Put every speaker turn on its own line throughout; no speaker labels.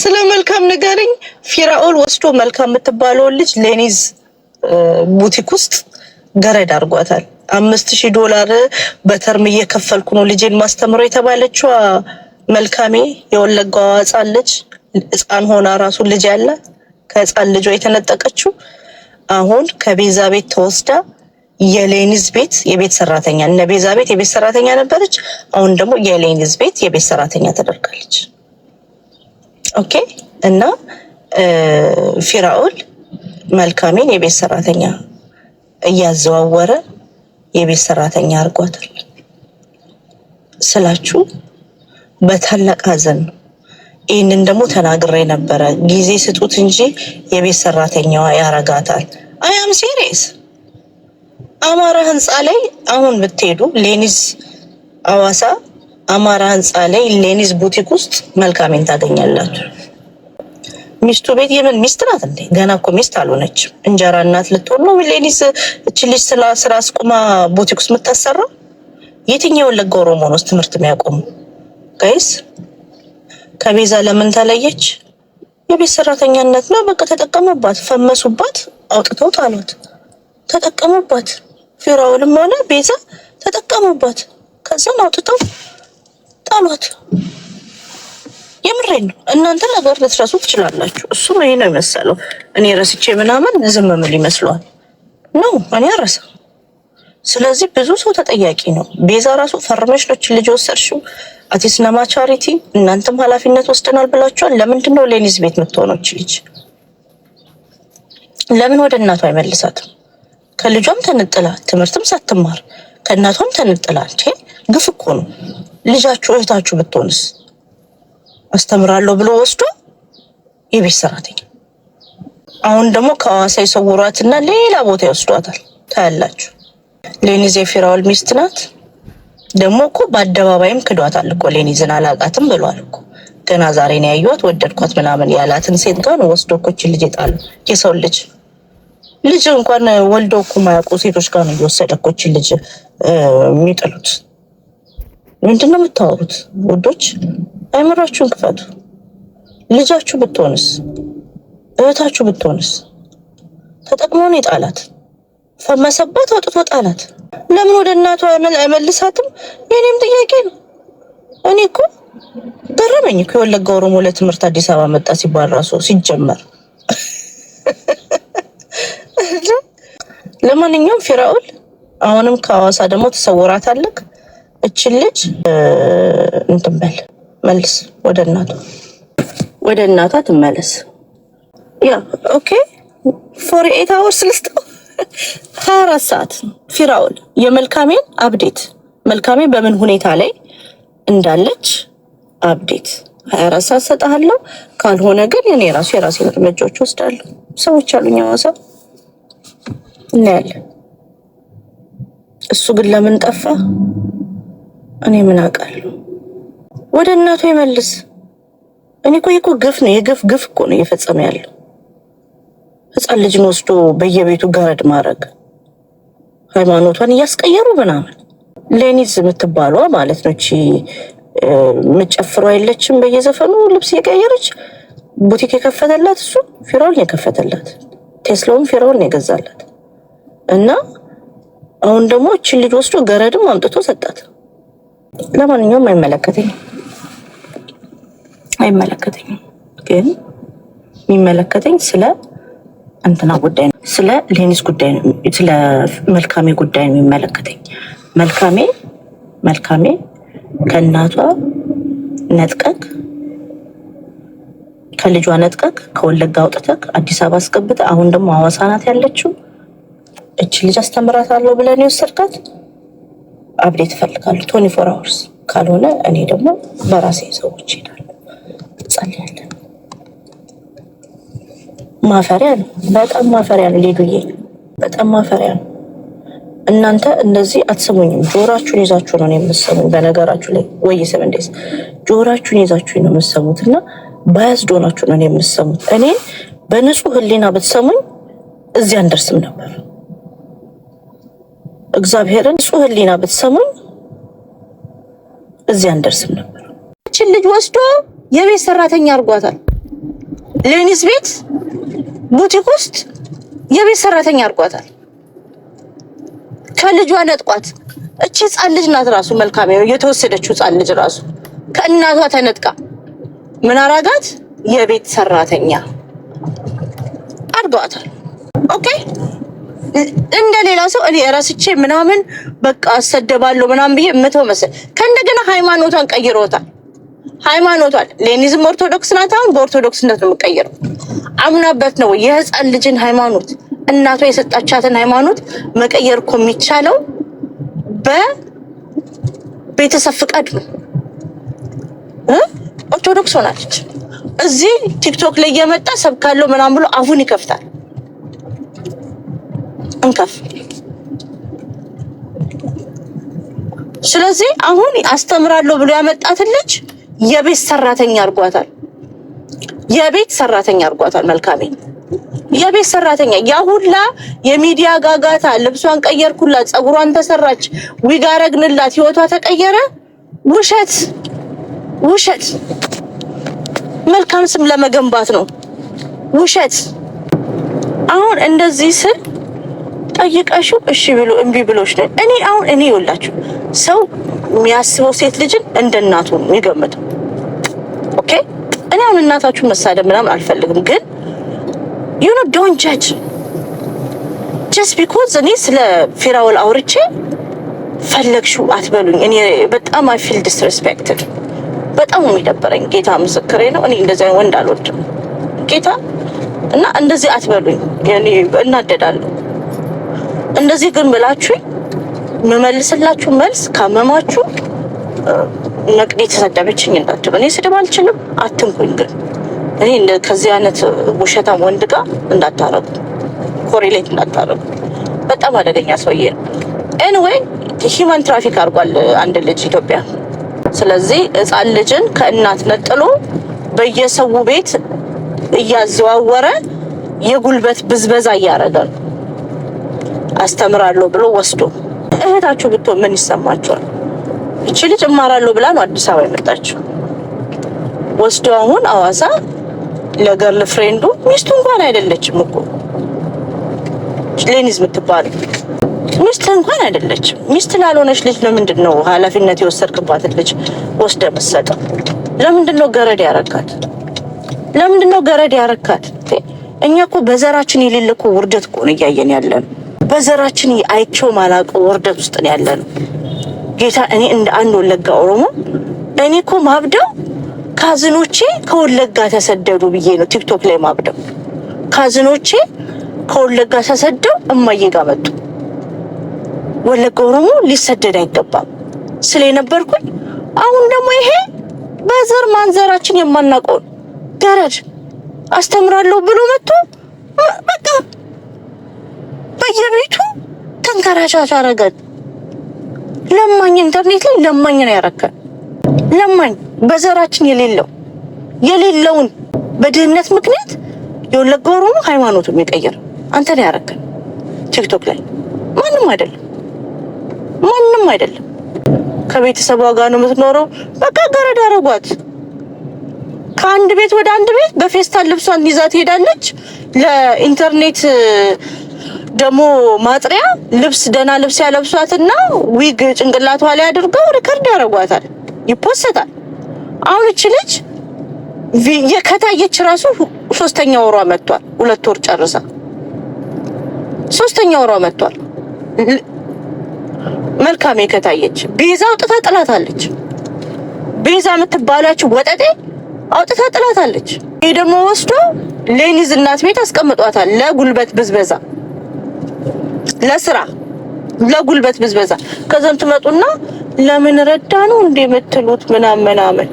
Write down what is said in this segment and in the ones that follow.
ስለ መልካም ንገሪኝ። ፊራኦል ወስዶ መልካም የምትባለውን ልጅ ሌኒዝ ቡቲክ ውስጥ ገረድ አድርጓታል። አምስት ሺህ ዶላር በተርም እየከፈልኩ ነው ልጄን ማስተምሮ የተባለችዋ መልካሜ የወለጋዋ ህፃን ልጅ ህፃን ሆና ራሱ ልጅ ያለ ከህፃን ልጇ የተነጠቀችው አሁን ከቤዛ ቤት ተወስዳ የሌኒዝ ቤት የቤት ሰራተኛ እነ ቤዛ ቤት የቤት ሰራተኛ ነበረች። አሁን ደግሞ የሌኒዝ ቤት የቤት ሰራተኛ ተደርጋለች። ኦኬ። እና ፊራኦል መልካሜን የቤት ሰራተኛ እያዘዋወረ የቤት ሰራተኛ አድርጓታል ስላችሁ በታላቅ ሐዘን ነው። ይህንን ደግሞ ተናግሬ ነበረ። ጊዜ ስጡት እንጂ የቤት ሰራተኛዋ ያረጋታል። አያም ሲሪየስ አማራ ህንፃ ላይ አሁን ብትሄዱ ሌኒዝ አዋሳ አማራ ህንፃ ላይ ሌኒዝ ቡቲክ ውስጥ መልካሜን ታገኛላችሁ። ሚስቱ ቤት የምን ሚስት ናት እንዴ? ገና እኮ ሚስት አልሆነችም። እንጀራ እናት ልትሆን ነው። ሌኒዝ እች ልጅ ስላ ስራ አስቁማ ቡቲክ ውስጥ የምታሰራ የትኛው የወለጋ ኦሮሞ ነው ትምህርት የሚያቆሙ ጋይስ? ከቤዛ ለምን ተለየች? የቤት ሰራተኛነት ነው በቃ ተጠቀሙባት፣ ፈመሱባት፣ አውጥተው ጣሏት። ተጠቀሙባት፣ ፊራውልም ሆነ ቤዛ ተጠቀሙባት፣ ከዛም አውጥተው ጣሏት። የምሬን ነው። እናንተ ነገር ልትረሱ ትችላላችሁ። እሱም ይሄ ነው የመሰለው። እኔ ረስቼ ምናምን ዝም ምል ይመስለዋል። ኖ እኔ አረሳ። ስለዚህ ብዙ ሰው ተጠያቂ ነው። ቤዛ ራሱ ፈርመሽ ነች ልጅ ወሰድሽው አቲስነማ ቻሪቲ፣ እናንተም ኃላፊነት ወስደናል ብላችኋል። ለምንድን ነው ሌሊዝ ቤት የምትሆነች ልጅ? ለምን ወደ እናቷ አይመልሳትም? ከልጇም ተንጥላ ትምህርትም ሳትማር ከእናቷም ተንጥላ ግፍ እኮ ነው። ልጃችሁ እህታችሁ ብትሆንስ አስተምራለሁ ብሎ ወስዶ የቤት ሰራተኛ አሁን ደግሞ ከሐዋሳ የሰውሯትና ሌላ ቦታ ይወስዷታል። ታያላችሁ። ሌኒዝ የፊራውል ሚስት ናት። ደግሞ እኮ በአደባባይም ክዷታል እኮ ሌኒዝን አላቃትም ብሏል እኮ ገና ዛሬ ነው ወደድኳት ምናምን ያላትን ሴት ጋር ነው ወስዶ እኮ ልጅ ጣሉ። የሰው ልጅ ልጅ እንኳን ወልዶ እኮ ማያውቁ ሴቶች ጋር ነው እየወሰደ እኮ ልጅ የሚጥሉት። ምንድን ነው የምታወሩት? ውዶች አይምራችሁን ክፈቱ። ልጃችሁ ብትሆንስ? እህታችሁ ብትሆንስ? ተጠቅሞን ይጣላት፣ ፈመሰባት፣ አውጥቶ ጣላት። ለምን ወደ እናቷ አይመልሳትም? የኔም ጥያቄ ነው። እኔ እኮ ገረመኝ እኮ የወለጋ ኦሮሞ ለትምህርት አዲስ አበባ መጣ ሲባል ራሱ ሲጀመር። ለማንኛውም ፊራኦል አሁንም ከሐዋሳ ደግሞ ተሰውራታለክ እችን ልጅ እንትን በል መልስ፣ ወደ እናቷ ወደ እናቷ ትመለስ። ያ ኦኬ ፎር ኤት አወርስ ልስጥ ሀያ አራት ሰዓት ፊራውል የመልካሜን አብዴት መልካሜ በምን ሁኔታ ላይ እንዳለች አብዴት ሀያ አራት ሰዓት ሰጠሃለሁ። ካልሆነ ግን እኔ ራሱ የራሴን እርምጃዎች ወስዳለሁ። ሰዎች አሉኝ ሐዋሳ እናያለን። እሱ ግን ለምን ጠፋ? እኔ ምን አውቃለሁ? ወደ እናቱ ይመልስ። እኔ እኮ እኮ ግፍ ነው የግፍ ግፍ እኮ ነው እየፈጸመ ያለው ህፃን ልጅን ወስዶ በየቤቱ ገረድ ማድረግ ሃይማኖቷን እያስቀየሩ ምናምን። ሌኒዝ የምትባሏ ማለት ነው እቺ የምትጨፍሯ የለችም፣ በየዘፈኑ ልብስ እየቀየረች ቡቲክ የከፈተላት እሱ ፊራውን የከፈተላት ቴስላውን ፊራውን የገዛላት እና አሁን ደግሞ እችን ልጅ ወስዶ ገረድም አምጥቶ ሰጣት። ለማንኛውም አይመለከተኝም አይመለከተኝም። ግን የሚመለከተኝ ስለ እንትና ጉዳይ ነው፣ ስለ ሌኒስ ጉዳይ ነው፣ ስለ መልካሜ ጉዳይ ነው የሚመለከተኝ። መልካሜ መልካሜ ከእናቷ ነጥቀክ ከልጇ ነጥቀክ ከወለጋ አውጥተክ አዲስ አበባ አስገብተህ አሁን ደግሞ ሐዋሳ ናት ያለችው። እች ልጅ አስተምራታለሁ ብለን የወሰድካት አብዴት እፈልጋለሁ ቶኒ ፎር አወርስ ካልሆነ እኔ ደግሞ በራሴ ሰዎች ይሄዳሉ ጸልያለን። ማፈሪያ ነው፣ በጣም ማፈሪያ ነው። ሌዱዬ በጣም ማፈሪያ ነው። እናንተ እንደዚህ አትሰሙኝም። ጆራችሁን ይዛችሁ ነው የምትሰሙኝ። በነገራችሁ ላይ ወይ ስም እንዴት ጆራችሁን ይዛችሁ ነው የምሰሙት እና ባያዝድ ሆናችሁ ነው የምሰሙት። እኔ በንጹህ ህሊና ብትሰሙኝ እዚህ አንደርስም ነበር። እግዚአብሔርን ጽሁ ህሊና ብትሰሙኝ እዚህ አንደርስም ነበር። ችን ልጅ ወስዶ የቤት ሰራተኛ አድርጓታል። ሌኒስ ቤት ቡቲክ ውስጥ የቤት ሰራተኛ አርጓታል። ከልጇ ነጥቋት። እቺ ህፃን ልጅ ናት ራሱ መልካም የተወሰደችው ህፃን ልጅ ራሱ ከእናቷ ተነጥቃ ምን አራጋት የቤት ሰራተኛ አርጓታል። ኦኬ እንደ ሌላ ሰው እኔ ራስቼ ምናምን በቃ አሰደባለሁ ምናምን ብዬ የምተው መሰል ከእንደገና ሃይማኖቷን ቀይሮታል። ሃይማኖቷን ሌኒዝም ኦርቶዶክስ ናት። አሁን በኦርቶዶክስነት ነው የምቀይረው። አምናበት ነው የህፃን ልጅን ሃይማኖት እናቷ የሰጣቻትን ሃይማኖት መቀየር እኮ የሚቻለው በቤተሰብ ፍቃድ ነው። ኦርቶዶክስ ሆናለች። እዚህ ቲክቶክ ላይ እየመጣ ሰብካለው ምናምን ብሎ አፉን ይከፍታል። እንከፍ። ስለዚህ አሁን አስተምራለሁ ብሎ ያመጣትን ልጅ የቤት ሰራተኛ አድርጓታል። የቤት ሰራተኛ አድርጓታል። መልካሜ የቤት ሰራተኛ ያ ሁላ የሚዲያ ጋጋታ፣ ልብሷን ቀየርኩላት፣ ፀጉሯን ተሰራች፣ ዊግ አረግንላት፣ ህይወቷ ተቀየረ። ውሸት ውሸት። መልካም ስም ለመገንባት ነው። ውሸት። አሁን እንደዚህ ስል ጠይቀሽው እሺ ብሎ እምቢ ብሎሽ ነው። እኔ አሁን እኔ ይወላችሁ ሰው የሚያስበው ሴት ልጅን እንደ እናቱ ነው የሚገምተው። ኦኬ እኔ አሁን እናታችሁን መሳደብ ምናምን አልፈልግም፣ ግን ዩ ኖ ጃጅ ጀስት ቢኮዝ እኔ ስለ ፊራውል አውርቼ ፈለግሽው አትበሉኝ። እኔ በጣም አይ ፊል ዲስሬስፔክትድ በጣም የሚደበረኝ ጌታ ምስክሬ ነው። እኔ እንደዚህ ወንድ አልወድም ጌታ እና እንደዚህ አትበሉኝ፣ እናደዳለሁ እንደዚህ ግን ብላችሁ የምመልስላችሁ መልስ ካመማችሁ መቅዲ የተሰደበችኝ እንዳትሉ። እኔ ስድብ አልችልም፣ አትንኩኝ። ግን እኔ ከዚህ አይነት ውሸታም ወንድ ጋር እንዳታረጉ፣ ኮሪሌት እንዳታረጉ። በጣም አደገኛ ሰውዬ ነው። ኤንዌይ ሂማን ትራፊክ አድርጓል አንድ ልጅ ኢትዮጵያ። ስለዚህ ሕፃን ልጅን ከእናት ነጥሎ በየሰው ቤት እያዘዋወረ የጉልበት ብዝበዛ እያደረገ ነው። አስተምራለሁ ብሎ ወስዶ እህታችሁ ብቶ ምን ይሰማችኋል? እቺ ልጅ እማራለሁ ብላ ነው አዲስ አበባ የመጣችው። ወስዶ አሁን አዋሳ ለገርል ፍሬንዱ ሚስቱ እንኳን አይደለችም እኮ ሌኒዝ የምትባል ሚስት እንኳን አይደለችም። ሚስት ላልሆነች ልጅ ለምንድን ነው ኃላፊነት የወሰድክባትን ልጅ ወስደ የምትሰጠው? ለምንድን ነው ገረድ ያረካት? ለምንድን ነው ገረድ ያረካት? እኛ እኮ በዘራችን የሌለ እኮ ውርደት እኮ ነው እያየን ያለ በዘራችን አይቼው ማላውቀው ወርደት ውስጥ ነው ያለ ነው። ጌታ እኔ እንደ አንድ ወለጋ ኦሮሞ እኔ እኮ ማብደው ካዝኖቼ ከወለጋ ተሰደዱ ብዬ ነው ቲክቶክ ላይ ማብደው። ካዝኖቼ ከወለጋ ተሰደው እማዬ ጋር መጡ። ወለጋ ኦሮሞ ሊሰደድ አይገባም ስለ የነበርኩኝ አሁን ደግሞ ይሄ በዘር ማንዘራችን የማናውቀውን ገረድ አስተምራለሁ ብሎ መጥቶ በቃ በየቤቱ ተንከራሻሽ አረገን። ለማኝ ኢንተርኔት ላይ ለማኝ ነው ያረከን። ለማኝ በዘራችን የሌለው የሌለውን በድህነት ምክንያት የወለጋ ኦሮሞ ሃይማኖቱ የሚቀይር አንተ ነው ያረከን። ቲክቶክ ላይ ማንም አይደለም፣ ማንም አይደለም። ከቤተሰቧ ጋር ነው የምትኖረው። በቃ ገረድ አረጓት። ከአንድ ቤት ወደ አንድ ቤት በፌስታል ልብሷን ይዛ ትሄዳለች። ለኢንተርኔት ደግሞ ማጥሪያ ልብስ ደህና ልብስ ያለብሷትና ዊግ ጭንቅላቷ ላይ አድርገው ሪከርድ ያደርጓታል፣ ይፖሰታል። አሁን እች ልጅ ከታየች ራሱ ሶስተኛ ወሯ መጥቷል። ሁለት ወር ጨርሳ ሶስተኛ ወሯ መጥቷል። መልካም የከታየች ቤዛ አውጥታ ጥላታለች። ቤዛ የምትባላችሁ ወጠጤ አውጥታ ጥላታለች። ይህ ደግሞ ወስዶ ሌኒዝ እናት ቤት አስቀምጧታል ለጉልበት ብዝበዛ ለስራ ለጉልበት ብዝበዛ። ከዛም ትመጡና ለምን ረዳ ነው እንደ የምትሉት ምናምን ምናምን።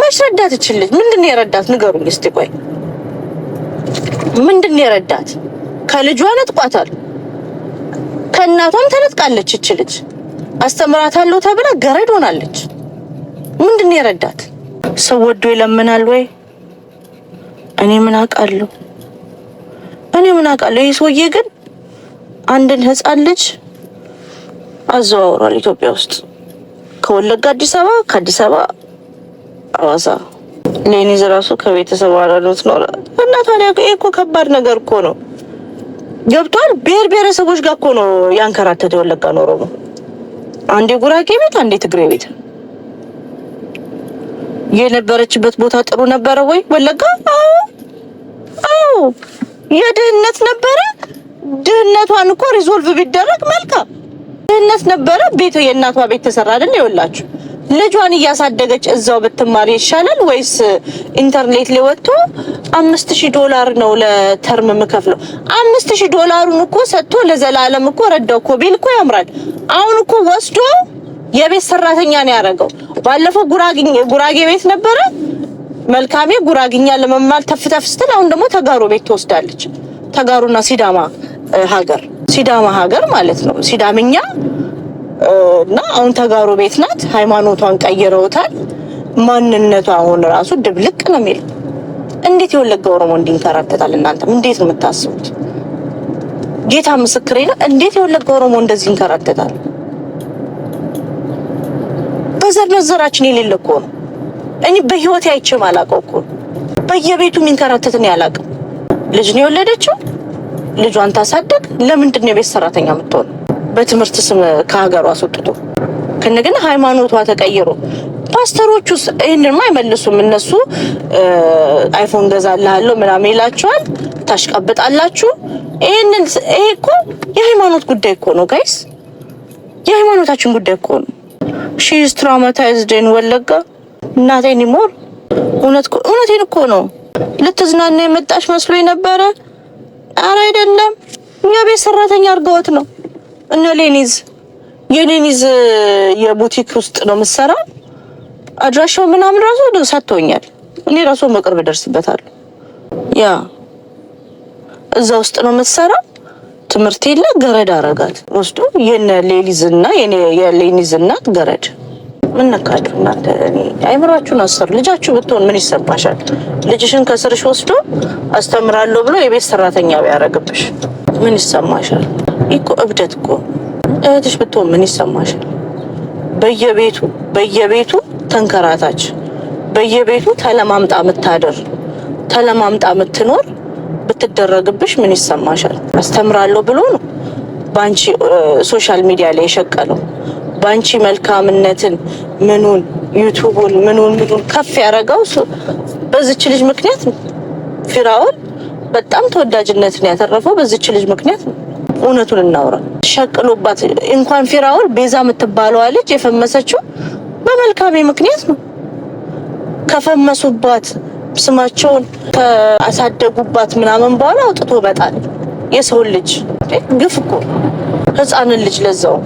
መች ረዳት ይችልኝ? ምንድን ነው የረዳት ንገሩኝ እስቲ። ቆይ ምንድን ነው የረዳት? ከልጇ ነጥቋታል፣ ከእናቷም ተነጥቃለች። ይች ልጅ አስተምራታለሁ ተብላ ገረድ ሆናለች። ምንድን ነው የረዳት? ሰው ወዶ ይለምናል ወይ? እኔ ምን አውቃለሁ? እኔ ምን አውቃለሁ? ይህ ሰውዬ ግን አንድን ህፃን ልጅ አዘዋውሯል ኢትዮጵያ ውስጥ ከወለጋ አዲስ አበባ፣ ከአዲስ አበባ አዋሳ። ሌኒዝ ራሱ ከቤተሰብ አራዶት ነው እና ታዲያ እኮ ከባድ ነገር እኮ ነው። ገብቷል። ብሔር ብሔረሰቦች ጋር እኮ ነው ያንከራተተ የወለጋ ነው አንዴ ጉራጌ ቤት፣ አንዴ ትግሬ ቤት። የነበረችበት ቦታ ጥሩ ነበረ ወይ ወለጋ? አዎ፣ አዎ፣ የድህነት ነበረ ድህነቷን እኮ ሪዞልቭ ቢደረግ መልካም። ድህነት ነበረ ቤት የእናቷ ቤት ተሰራ አይደል? ይኸውላችሁ ልጇን እያሳደገች እዛው ብትማር ይሻላል ወይስ ኢንተርኔት ላይ ወጥቶ አምስት ሺህ ዶላር ነው ለተርም የምከፍለው? አምስት ሺህ ዶላሩን እኮ ሰጥቶ ለዘላለም እኮ ረዳው እኮ ቢል እኮ ያምራል። አሁን እኮ ወስዶ የቤት ሰራተኛ ነው ያደረገው። ባለፈው ጉራጌ ቤት ነበረ መልካሜ ጉራግኛ ለመማል ተፍተፍ ስትል አሁን ደግሞ ተጋሮ ቤት ትወስዳለች። ተጋሩና ሲዳማ ሀገር ሲዳማ ሀገር ማለት ነው። ሲዳምኛ እና አሁን ተጋሩ ቤት ናት። ሃይማኖቷን ቀይረውታል። ማንነቷ አሁን ራሱ ድብልቅ ነው የሚል እንዴት የወለጋ ኦሮሞ እንዲንከራተታል? እናንተም እንዴት ነው የምታስቡት? ጌታ ምስክሬ ነው። እንዴት የወለጋ ኦሮሞ እንደዚህ ይንከራተታል? በዘር መዘራችን የሌለ እኮ ነው። እኔ በህይወት አይቼም አላውቀው እኮ በየቤቱ የሚንከራተትን ያላውቅም። ልጅ ነው የወለደችው። ልጇን ታሳደግ። ለምንድን ነው የቤት ሰራተኛ የምትሆን? በትምህርት ስም ከሀገሯ አስወጥቶ ከነገና ሃይማኖቷ ተቀይሮ ፓስተሮቹስ ይህንንም አይመልሱም። እነሱ አይፎን ገዛልሃለሁ ምናምን ይላችኋል፣ ታሽቃብጣላችሁ። ይህንን ይሄ እኮ የሃይማኖት ጉዳይ እኮ ነው ጋይስ፣ የሃይማኖታችን ጉዳይ እኮ ነው። ሺዝ ትራውማታይዝድን ወለጋ እናቴ ኒሞር እውነት እውነቴን እኮ ነው። ልትዝናና የመጣሽ መስሎ ነበረ። አረ አይደለም፣ እኛ ቤት ሰራተኛ አድርገዋት ነው። እነ ሌኒዝ የሌኒዝ የቡቲክ ውስጥ ነው የምትሰራ። አድራሻው ምናምን ራሱ ሰጥቶኛል። እኔ ራሱ መቅረብ እደርስበታለሁ። ያ እዛ ውስጥ ነው የምትሰራ። ትምህርት የለ ገረድ አረጋት ወስዶ የነ ሌኒዝ እና የሌኒዝ እናት ገረድ ምን ነካችሁ እናንተ? አይምራችሁን አሰሩ። ልጃችሁ ብትሆን ምን ይሰማሻል? ልጅሽን ከስርሽ ወስዶ አስተምራለሁ ብሎ የቤት ሰራተኛ ቢያደርግብሽ ምን ይሰማሻል? ይኮ እብደት እኮ። እህትሽ ብትሆን ምን ይሰማሻል? በየቤቱ በየቤቱ ተንከራታች፣ በየቤቱ ተለማምጣ ምታደር ተለማምጣ ምትኖር ብትደረግብሽ ምን ይሰማሻል? አስተምራለሁ ብሎ ነው በአንቺ ሶሻል ሚዲያ ላይ የሸቀለው። ባንቺ መልካምነትን ምኑን ዩቱቡን ምኑን ምኑን ከፍ ያደረገው በዚች ልጅ ምክንያት ነው። ፊራውን በጣም ተወዳጅነትን ያተረፈው በዚች ልጅ ምክንያት ነው። እውነቱን እናውራ። ሸቅሎባት እንኳን ፊራውን ቤዛ የምትባለዋ ልጅ የፈመሰችው በመልካሜ ምክንያት ነው። ከፈመሱባት ስማቸውን ከአሳደጉባት ምናምን በኋላ አውጥቶ በጣል የሰውን ልጅ ግፍ እኮ ህፃንን ልጅ ለዛው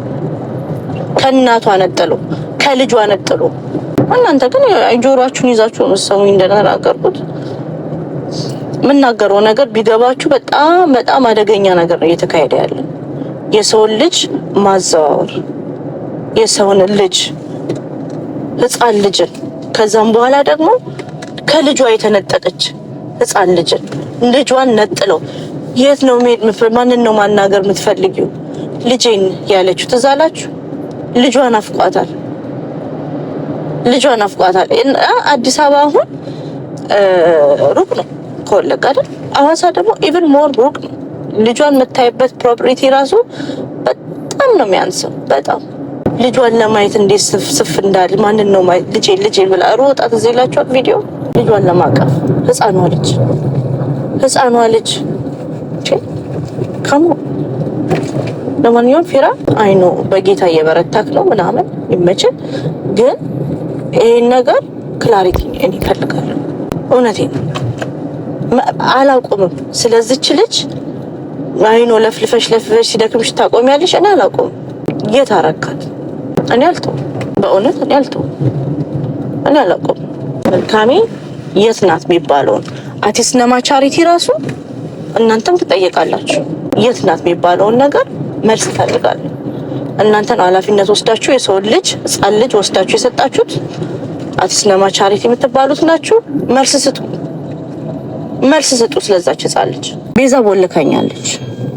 ከእናቷ ነጥሎ ከልጇ ነጥሎ እናንተ ግን ጆሮአችሁን ይዛችሁ መሰሙኝ እንደተናገርኩት የምናገረው ነገር ቢገባችሁ በጣም በጣም አደገኛ ነገር ነው እየተካሄደ ያለ የሰውን ልጅ ማዘዋወር የሰውን ልጅ ህፃን ልጅን ከዛም በኋላ ደግሞ ከልጇ የተነጠቀች ህፃን ልጅን ልጇን ነጥለው የት ነው ማንን ነው ማናገር የምትፈልጊው ልጄን ያለችው ትዛላችሁ ልጇን አፍቋታል። ልጇን አፍቋታል። አዲስ አበባ አሁን ሩቅ ነው ከወለጋ አይደል? ሐዋሳ ደግሞ ኢቨን ሞር ሩቅ ነው። ልጇን የምታይበት ፕሮፐርቲ ራሱ በጣም ነው የሚያንሰው። በጣም ልጇን ለማየት እንዴት ስፍ እንዳል ማንን ነው ማየት ልጄ ልጄ ብላ ሩጣ ትዝ ቪዲዮ ልጇን ለማቀፍ ህፃኗ ልጅ ህፃኗ ልጅ ከሞ ለማንኛውም ፊራ አይኖ በጌታ እየበረታክ ነው ምናምን ይመችል። ግን ይህን ነገር ክላሪቲ እኔ እፈልጋለሁ። እውነቴ አላቆምም። ስለዚች ልጅ አይኖ ለፍልፈሽ ለፍልፈሽ ሲደክምሽ ታቆሚያለሽ። እኔ አላቆምም። ጌታ አረካት? እኔ አልተውም፣ በእውነት እኔ አልተውም፣ እኔ አላቆም። መልካሜ የት ናት የሚባለውን አቲስ ነማ ቻሪቲ ራሱ እናንተም ትጠየቃላችሁ። የት ናት የሚባለውን ነገር መልስ እፈልጋለሁ። እናንተ ነው ኃላፊነት ወስዳችሁ የሰውን ልጅ ህፃን ልጅ ወስዳችሁ የሰጣችሁት ለማ ቻሪቲ የምትባሉት ናችሁ። መልስ ስጡ፣ መልስ ስጡ። ስለዛች ህጻን ልጅ ቤዛ ቦልካኛለች፣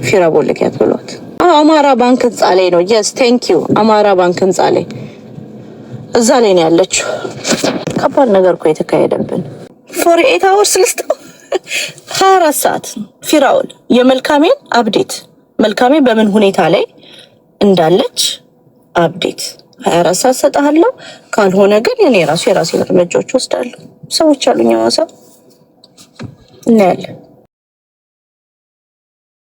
ፊራ ቦልኪያት ብሏት አማራ ባንክ ህንፃ ላይ ነው። የስ ቴንክ ዩ አማራ ባንክ ህንፃ ላይ እዛ ላይ ነው ያለችው። ከባድ ነገር እኮ የተካሄደብን ፎር ኤት አወርስ ልስጥ ሀያ አራት ሰዓት ፊራውን የመልካሜን አብዴት መልካሜ በምን ሁኔታ ላይ እንዳለች አብዴት ሀያ አራት ሰዓት ሰጠሃለሁ። ካልሆነ ግን እኔ ራሱ የራሴን እርምጃዎች ወስዳለሁ። ሰዎች አሉኝ ሰው እናያለን።